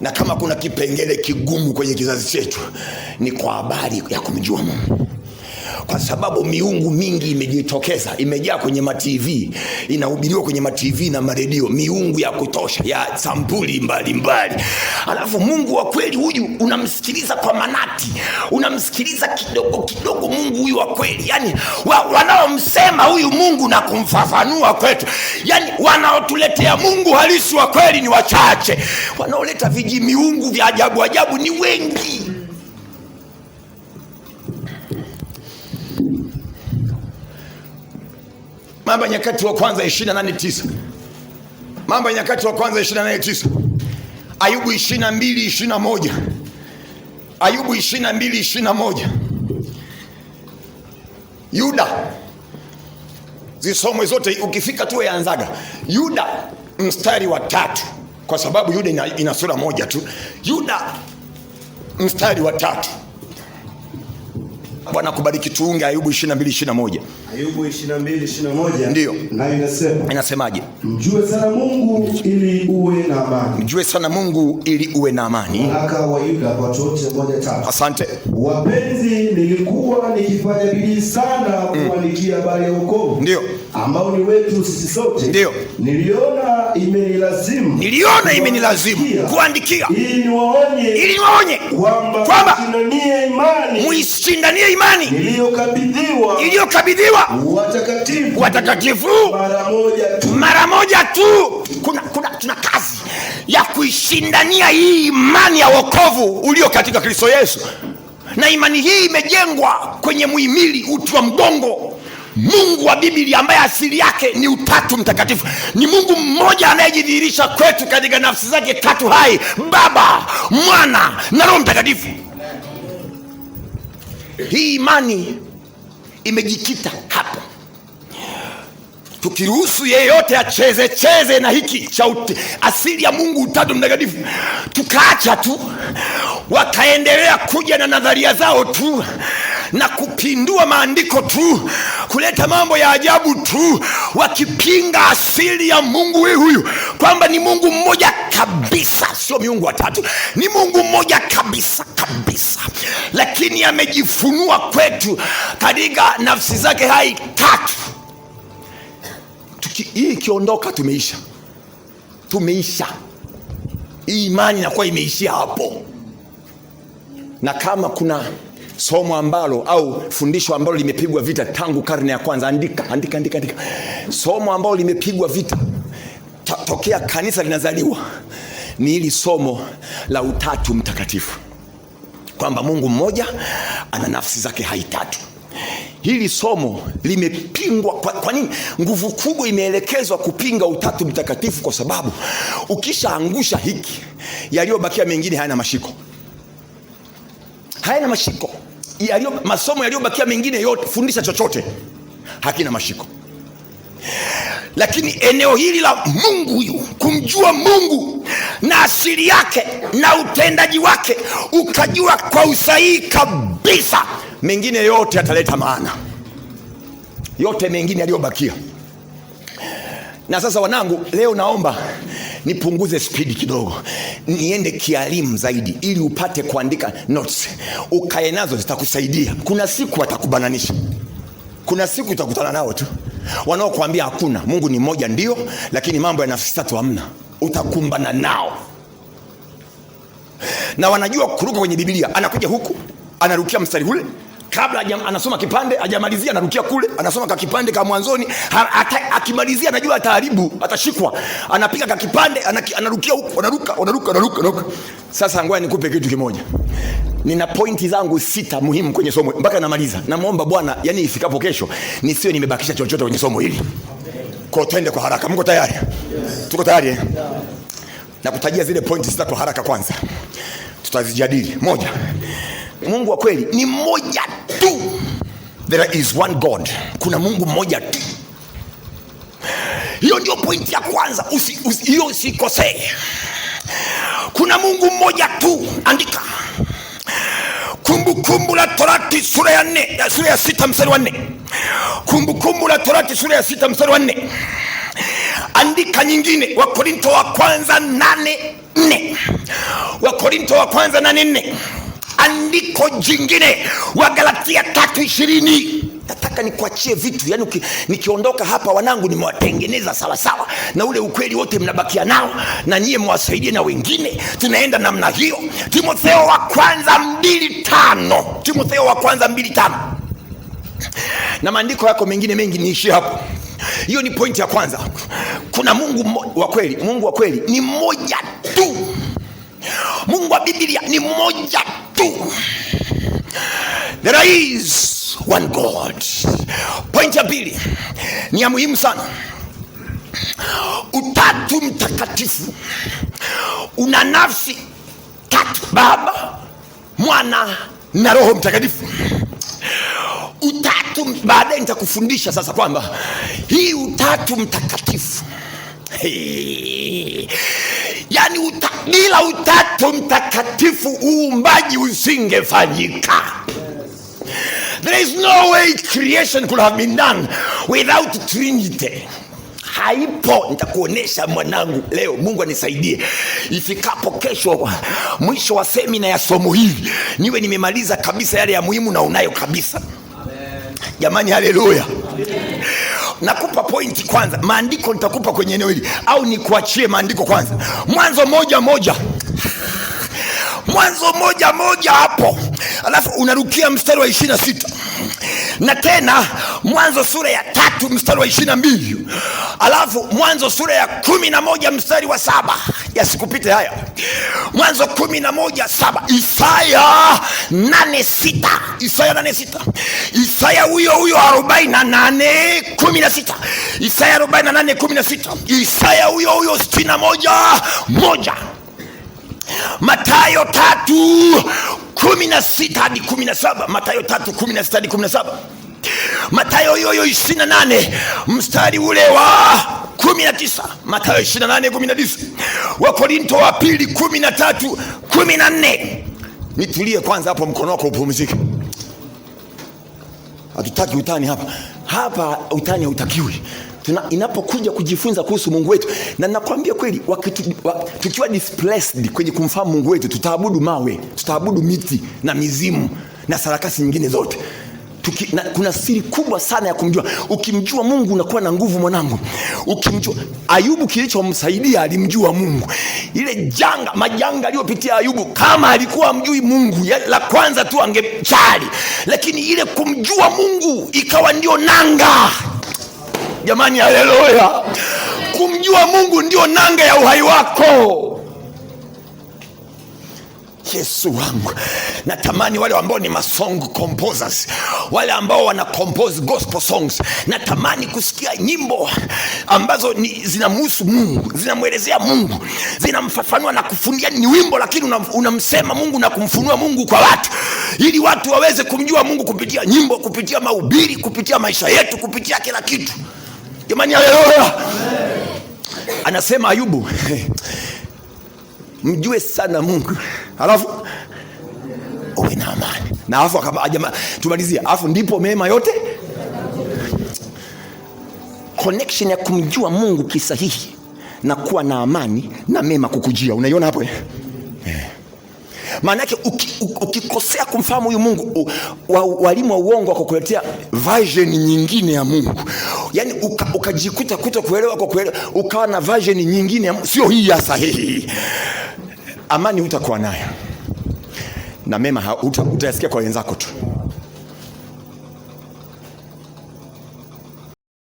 na kama kuna kipengele kigumu kwenye kizazi chetu ni kwa habari ya kumjua Mungu kwa sababu miungu mingi imejitokeza imejaa kwenye matv inahubiriwa kwenye matv na maredio miungu ya kutosha ya sampuli mbalimbali alafu mungu wa kweli huyu unamsikiliza kwa manati unamsikiliza kidogo kidogo mungu huyu wa kweli yani wa, wanaomsema huyu mungu na kumfafanua kwetu yani wanaotuletea mungu halisi wa kweli ni wachache wanaoleta viji miungu vya ajabu ajabu ni wengi Mambo ya Nyakati wa Kwanza 28:9. Mambo ya Nyakati wa Kwanza 28:9. Ayubu 22:21. Ayubu 22:21. Yuda zisomwe zote, ukifika tu yaanzaga Yuda mstari wa tatu, kwa sababu Yuda ina, ina sura moja tu. Yuda mstari wa tatu. Bwana kubariki, tuunge Ayubu 22:21. Ayubu 22:21. Ndio. Na inasema. Inasemaje? Mjue sana Mungu ili uwe na amani. Mjue sana Mungu ili uwe na amani. Waraka wa Yuda kwa wote moja tatu. Asante. Wapenzi, nilikuwa nikifanya bidii sana mm. kuandikia habari ya wokovu. Ndio ambao ni wetu sisi sote. Ndio niliona imenilazimu, niliona imenilazimu kuandikia ili niwaonye, ili niwaonye kwamba muishindanie imani iliyokabidhiwa, iliyokabidhiwa watakatifu, watakatifu mara moja tu. Kuna, kuna tuna kazi ya kuishindania hii imani ya wokovu ulio katika Kristo Yesu, na imani hii imejengwa kwenye muhimili uti wa mgongo Mungu wa Biblia ambaye asili yake ni utatu mtakatifu, ni Mungu mmoja anayejidhihirisha kwetu katika nafsi zake tatu hai, Baba, Mwana na Roho Mtakatifu. Hii imani imejikita hapo. Tukiruhusu yeyote acheze cheze na hiki cha asili ya Mungu utatu mtakatifu, tukaacha tu, wakaendelea kuja na nadharia zao tu na kupindua maandiko tu, kuleta mambo ya ajabu tu, wakipinga asili ya Mungu hii huyu, kwamba ni Mungu mmoja kabisa, sio miungu watatu, ni Mungu mmoja kabisa kabisa, lakini amejifunua kwetu katika nafsi zake hai tatu. Hii ikiondoka, tumeisha, tumeisha. Hii imani inakuwa imeishia hapo, na kama kuna somo ambalo au fundisho ambalo limepigwa vita tangu karne ya kwanza. Andika, andika, andika, andika. Somo ambalo limepigwa vita tokea kanisa linazaliwa ni hili somo la utatu mtakatifu, kwamba Mungu mmoja ana nafsi zake hai tatu. Hili somo limepingwa kwa, kwa nini? Nguvu kubwa imeelekezwa kupinga utatu mtakatifu, kwa sababu ukishaangusha hiki, yaliyobakia mengine hayana mashiko, hayana mashiko yaliyo masomo yaliyobakia mengine yote, fundisha chochote, hakina mashiko. Lakini eneo hili la Mungu huyu, kumjua Mungu na asili yake na utendaji wake, ukajua kwa usahihi kabisa, mengine yote yataleta maana, yote mengine yaliyobakia. Na sasa, wanangu, leo naomba nipunguze spidi kidogo, niende kialimu zaidi, ili upate kuandika notes, ukae nazo, zitakusaidia. Kuna siku watakubananisha kuna siku utakutana nao tu wanaokuambia hakuna Mungu ni mmoja, ndio, lakini mambo ya nafsi tatu hamna. Utakumbana nao na wanajua kuruka kwenye Biblia, anakuja huku anarukia mstari ule kabla ajam, anasoma kipande hajamalizia anarukia kule anasoma ka kipande ka mwanzoni, akimalizia anajua ataharibu, atashikwa, anapiga ka kipande anarukia huko anaruka anaruka anaruka. anaruka Sasa ngoja nikupe kitu kimoja, nina pointi zangu sita muhimu kwenye somo mpaka namaliza. Namwomba Bwana, yani ifikapo kesho nisiwe nimebakisha chochote kwenye somo hili. Kwa twende kwa haraka, mko tayari? Yes. Tuko tayari eh? Yeah. Nakutajia zile pointi sita kwa haraka, kwanza tutazijadili moja Mungu wa kweli ni mmoja tu. There is one God, kuna Mungu mmoja tu. Hiyo ndio pointi ya kwanza, hiyo usikosee. Kuna Mungu mmoja tu, andika Kumbukumbu la Torati sura ya nne, sura ya sita mstari wa nne. Kumbukumbu la Torati sura ya sita mstari wa nne. Andika nyingine, Wakorinto wa kwanza nane nne. Wakorinto wa kwanza nane nne andiko jingine, Wagalatia tatu ishirini. Nataka nikuachie vitu yani, nikiondoka hapa wanangu nimewatengeneza sawasawa na ule ukweli wote, mnabakia nao na nyie mwasaidie na wengine, tunaenda namna hiyo. Timotheo wa kwanza mbili tano Timotheo wa kwanza mbili tano na maandiko yako mengine mengi, niishie hapo. Hiyo ni pointi ya kwanza. Kuna Mungu wa kweli. Mungu wa kweli ni mmoja tu. Mungu wa Biblia ni mmoja tu. There is one God. Point ya pili ni ya muhimu sana. Utatu Mtakatifu una nafsi tatu: Baba, Mwana na Roho Mtakatifu. Utatu baadaye nitakufundisha sasa kwamba hii Utatu Mtakatifu hey yani uta, bila Utatu Mtakatifu uumbaji usingefanyika. There is no way creation could have been done without Trinity. Haipo. Nitakuonesha mwanangu leo, Mungu anisaidie ifikapo kesho, mwisho wa semina ya somo hili niwe nimemaliza kabisa yale ya muhimu na unayo kabisa. Jamani, haleluya! nakupa pointi kwanza, maandiko nitakupa kwenye eneo hili, au nikuachie maandiko kwanza? Mwanzo moja moja Mwanzo moja moja hapo, alafu unarukia mstari wa ishirini na sita na tena Mwanzo sura ya tatu mstari wa ishirini na mbili alafu Mwanzo sura ya kumi na moja mstari wa saba yasikupite haya. Mwanzo kumi na moja saba Isaya nane sita Isaya nane sita Isaya huyo huyo arobaini na nane kumi na sita Isaya arobaini na nane kumi na sita Isaya huyo huyo sitini na moja moja Matayo tatu kumi na sita hadi kumi na saba Matayo tatu kumi na sita hadi kumi na saba Matayo hiyo hiyo ishirini na nane mstari ule wa kumi na tisa Matayo ishirini na nane kumi na tisa Wakorinto wa pili kumi na tatu kumi na nne Nitulie kwanza hapo, mkono wako upumzike. Hatutaki utani hapa hapa, utani hautakiwi tuna, inapokuja kujifunza kuhusu Mungu wetu, na nakwambia kweli tukiwa displaced kwenye kumfahamu Mungu wetu, tutaabudu mawe, tutaabudu miti na mizimu na sarakasi nyingine zote. Tuki, na, kuna siri kubwa sana ya kumjua. Ukimjua Mungu unakuwa na nguvu mwanangu. Ukimjua Ayubu, kilichomsaidia alimjua Mungu. Ile janga majanga aliyopitia Ayubu, kama alikuwa amjui Mungu ya, la kwanza tu angechali, lakini ile kumjua Mungu ikawa ndio nanga Jamani, haleluya! Kumjua Mungu ndio nanga ya uhai wako. Yesu wangu, natamani wale ambao ni masong composers, wale ambao wana compose gospel songs, natamani kusikia nyimbo ambazo zinamhusu Mungu, zinamwelezea Mungu, zinamfafanua na kufundia ni wimbo, lakini unamsema Mungu na kumfunua Mungu kwa watu, ili watu waweze kumjua Mungu kupitia nyimbo, kupitia maubiri kupitia maisha yetu, kupitia kila kitu. Jamani, haleluya! Anasema Ayubu, mjue sana Mungu alafu uwe na amani na alafu tumalizia alafu ndipo mema yote. Connection ya kumjua Mungu kisahihi na kuwa na amani na mema kukujia, unaiona hapo eh? Maana yake ukikosea uki kumfahamu huyu Mungu, walimu wa uongo wakakuletea version nyingine ya Mungu, yaani ukajikuta uka kuto kuelewa kwa kuelewa, ukawa na version nyingine ya Mungu, sio hii ya sahihi. Amani hutakuwa nayo na mema utayasikia kwa wenzako tu.